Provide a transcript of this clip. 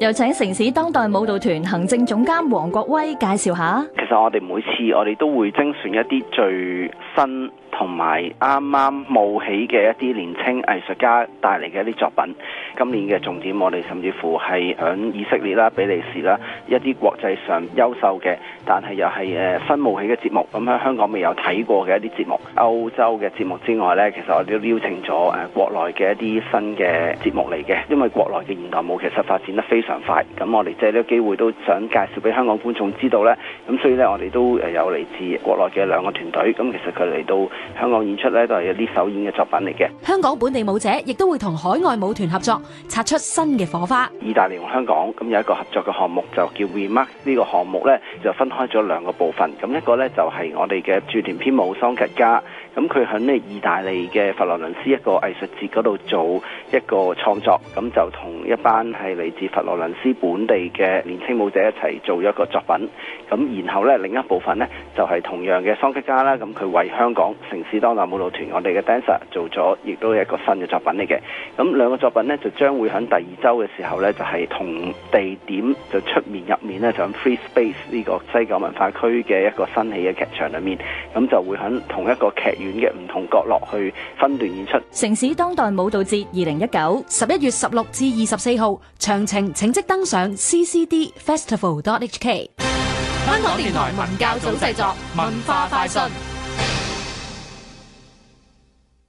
有請城市當代舞蹈團行政總監黃國威介紹下。其實我哋每次我哋都會精選一啲最新同埋啱啱冒起嘅一啲年輕藝術家帶嚟嘅一啲作品。今年嘅重點，我哋甚至乎係響以色列啦、比利時啦一啲國際上優秀嘅，但係又係誒新冒起嘅節目。咁喺香港未有睇過嘅一啲節目，歐洲嘅節目之外呢，其實我哋都邀請咗誒國內嘅一啲新嘅節目嚟嘅。因為國內嘅現代舞其實發展得非常。快咁，我哋借呢個機會都想介紹俾香港觀眾知道呢。咁所以呢，我哋都有嚟自國內嘅兩個團隊。咁其實佢嚟到香港演出呢，都係一啲首演嘅作品嚟嘅。香港本地舞者亦都會同海外舞團合作，擦出新嘅火花。意大利同香港咁有一個合作嘅項目，就叫 Remark 呢個項目呢，就分開咗兩個部分。咁一個呢，就係我哋嘅駐團編舞桑吉加，咁佢響呢意大利嘅佛羅倫斯一個藝術節嗰度做一個創作，咁就同一班係嚟自佛羅倫斯本地嘅年青舞者一齊做一個作品。咁然後咧，另一部分咧，就係同樣嘅桑吉加啦，咁佢為香港城市當代舞蹈團我哋嘅 dancer 做咗，亦都係一個新嘅作品嚟嘅。咁兩個作品咧，就將會響第二周嘅時候咧，就係同地點就出面入面咧，就喺 Free Space 呢個西九文化區嘅一個新起嘅劇場裏面，咁就會響同一個劇。遠嘅唔同角落去分段演出。城市當代舞蹈節二零一九十一月十六至二十四號，詳情請即登上 C C D Festival dot H K。香港電台文教組製作，文化快訊。